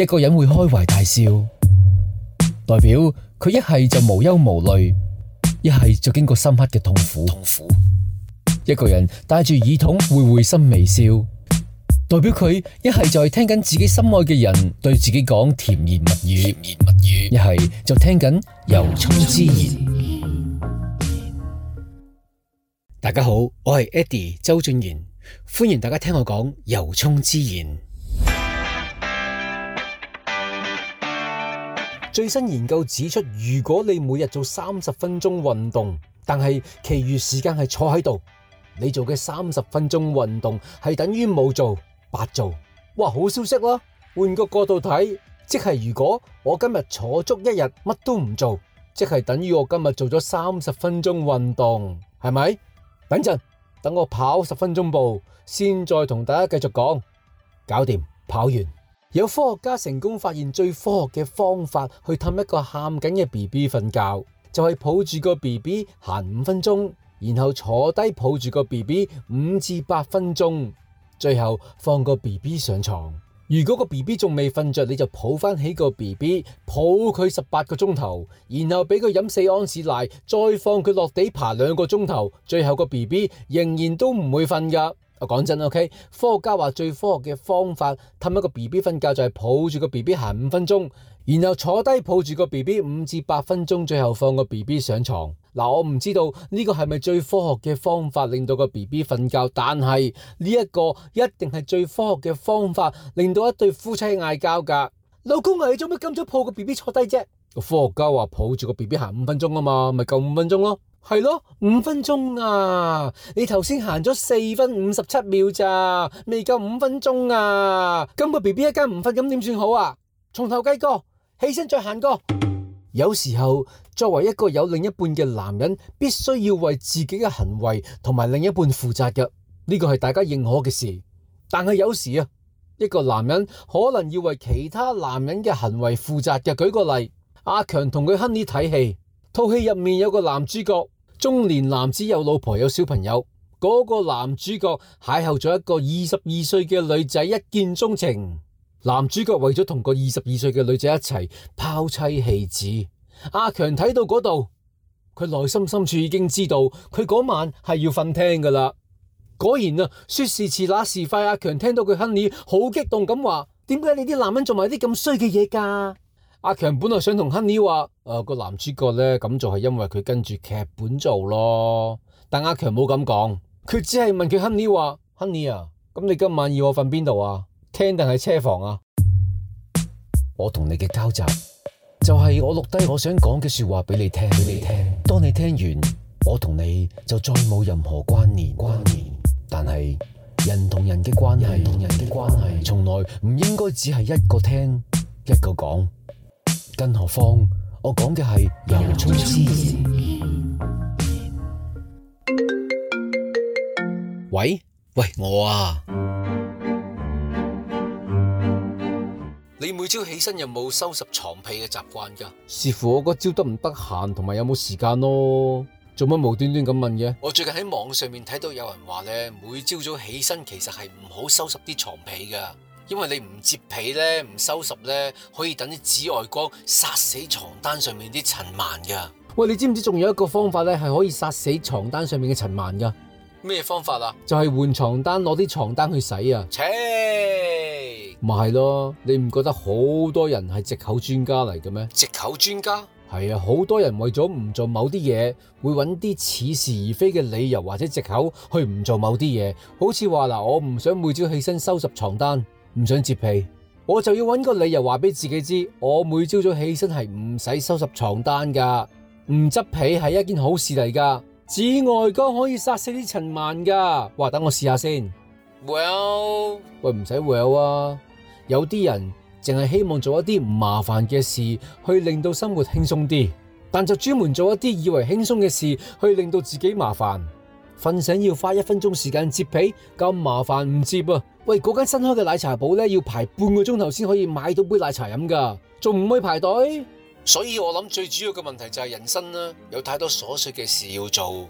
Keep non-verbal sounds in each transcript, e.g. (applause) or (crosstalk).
一個人會開懷大笑，代表佢一係就無憂無慮，一係就經過深刻嘅痛苦。痛苦。一個人戴住耳筒會會心微笑，代表佢一係就係聽緊自己心愛嘅人對自己講甜言蜜語，甜言蜜語。一係就聽緊由衷之言。之言。大家好，我係 Eddie 周俊賢，歡迎大家聽我講由衷之言。最新研究指出，如果你每日做三十分鐘運動，但係其餘時間係坐喺度，你做嘅三十分鐘運動係等於冇做，白做。哇，好消息囉！換個角度睇，即係如果我今日坐足一日，乜都唔做，即係等於我今日做咗三十分鐘運動，係咪？等陣，等我跑十分鐘步，先再同大家繼續講，搞掂，跑完。有科學家成功發現最科學嘅方法去氹一個喊緊嘅 B B 瞓覺，就係、是、抱住個 B B 行五分鐘，然後坐低抱住個 B B 五至八分鐘，最後放個 B B 上床。如果個 B B 仲未瞓着，你就抱返起個 B B 抱佢十八個鐘頭，然後俾佢飲四安士奶，再放佢落地爬兩個鐘頭，最後個 B B 仍然都唔會瞓㗎。我講真啦，OK，科學家話最科學嘅方法，氹一個 B B 瞓覺就係抱住個 B B 行五分鐘，然後坐低抱住個 B B 五至八分鐘，最後放個 B B 上床。嗱，我唔知道呢個係咪最科學嘅方法令到個 B B 瞓覺，但係呢一個一定係最科學嘅方法令到一對夫妻嗌交㗎。老公啊，你做咩咁早抱個 B B 坐低啫？科學家話抱住個 B B 行五分鐘啊嘛，咪夠五分鐘咯。係咯，五分鐘啊！你頭先行咗四分五十七秒咋，未夠五分鐘啊！咁個 B B 一間唔瞓，咁點算好啊？重頭計過，起身再行過。 (noise) 有時候作為一個有另一半嘅男人，必須要為自己嘅行為同埋另一半負責嘅，呢個係大家認可嘅事。但係有時啊，一個男人可能要為其他男人嘅行為負責嘅。舉個例，阿強同佢亨利睇戲，套戲入面有個男主角。中年男子有老婆有小朋友，嗰、那個男主角邂逅咗一個二十二歲嘅女仔一見鍾情。男主角為咗同個二十二歲嘅女仔一齊，拋妻棄子。阿強睇到嗰度，佢內心深處已經知道佢嗰晚係要瞓廳噶啦。果然啊，說時遲那時快，阿強聽到佢 honey 好激動咁話，點解你啲男人做埋啲咁衰嘅嘢噶？阿強本來想同 Honey 話，呃那個男主角呢咁就係因為佢跟住劇本做咯，但阿強冇咁講，佢只係問佢 Honey 話，Honey 啊，咁你今晚要我瞓邊度啊？廳定係車房啊？我同你嘅交集就係我錄低我想講嘅說話俾你聽，俾你聽。當你聽完，我同你就再冇任何關聯。關聯，但係人同人嘅關係，人同人嘅關係，從來唔應該只係一個聽一個講。更何況我講嘅係由衷之語。喂喂，我啊，你每朝起身有冇收拾床被嘅習慣噶？視乎我嗰朝得唔得閒，同埋有冇時間咯？做乜無端端咁問嘅？我最近喺網上面睇到有人話咧，每朝早起身其實係唔好收拾啲床被噶。因為你唔接被咧，唔收拾咧，可以等啲紫外光殺死床單上面啲塵蟎噶。喂，你知唔知？仲有一個方法咧，係可以殺死床單上面嘅塵蟎噶？咩方法啊？就係換床單，攞啲床單去洗啊！切程，咪係咯？你唔覺得好多人係藉口專家嚟嘅咩？藉口專家？係啊，好多人為咗唔做某啲嘢，會揾啲似是而非嘅理由或者藉口去唔做某啲嘢，好似話嗱，我唔想每朝起身收拾床單。唔想摺被，我就要揾個理由話俾自己知，我每朝早起身係唔使收拾床單噶，唔執被係一件好事嚟噶。紫外光可以殺死啲塵蟎噶，哇！等我試下先。Well，喂，唔使 well 啊。有啲人淨係希望做一啲唔麻煩嘅事，去令到生活輕鬆啲，但就專門做一啲以為輕鬆嘅事，去令到自己麻煩。瞓醒要花一分鐘時間接被，咁麻煩唔接啊！喂，嗰間新開嘅奶茶鋪咧，要排半個鐘頭先可以買到杯奶茶飲噶，仲唔會排隊？所以我諗最主要嘅問題就係人生啦，有太多瑣碎嘅事要做，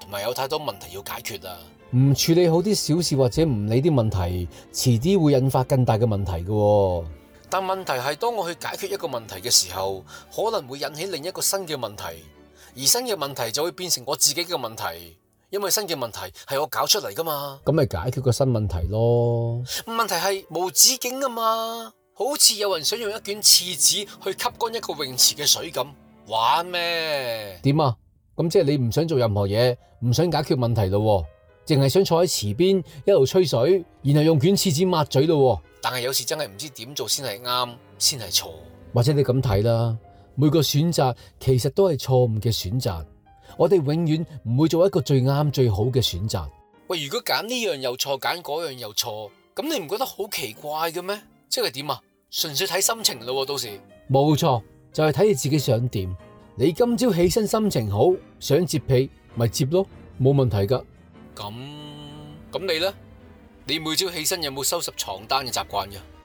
同埋有太多問題要解決啊！唔處理好啲小事或者唔理啲問題，遲啲會引發更大嘅問題㗎喎。但問題係，當我去解決一個問題嘅時候，可能會引起另一個新嘅問題，而新嘅問題就會變成我自己嘅問題。因為新嘅問題係我搞出嚟噶嘛，咁咪解決個新問題咯？問題係無止境啊嘛，好似有人想用一卷廁紙去吸乾一個泳池嘅水咁，玩咩？點啊？咁即係你唔想做任何嘢，唔想解決問題咯，淨係想坐喺池邊一路吹水，然後用卷廁紙抹嘴咯。但係有時真係唔知點做先係啱，先係錯。或者你咁睇啦，每個選擇其實都係錯誤嘅選擇。我哋永遠唔會做一個最啱最好嘅選擇。喂，如果揀呢樣又錯，揀嗰樣又錯，咁你唔覺得好奇怪嘅咩？即係點啊？純粹睇心情咯啊，到時。冇錯，就係、是、睇你自己想點。你今朝起身心情好，想接被咪接咯，冇問題噶。咁咁你咧？你每朝起身有冇收拾床單嘅習慣噶？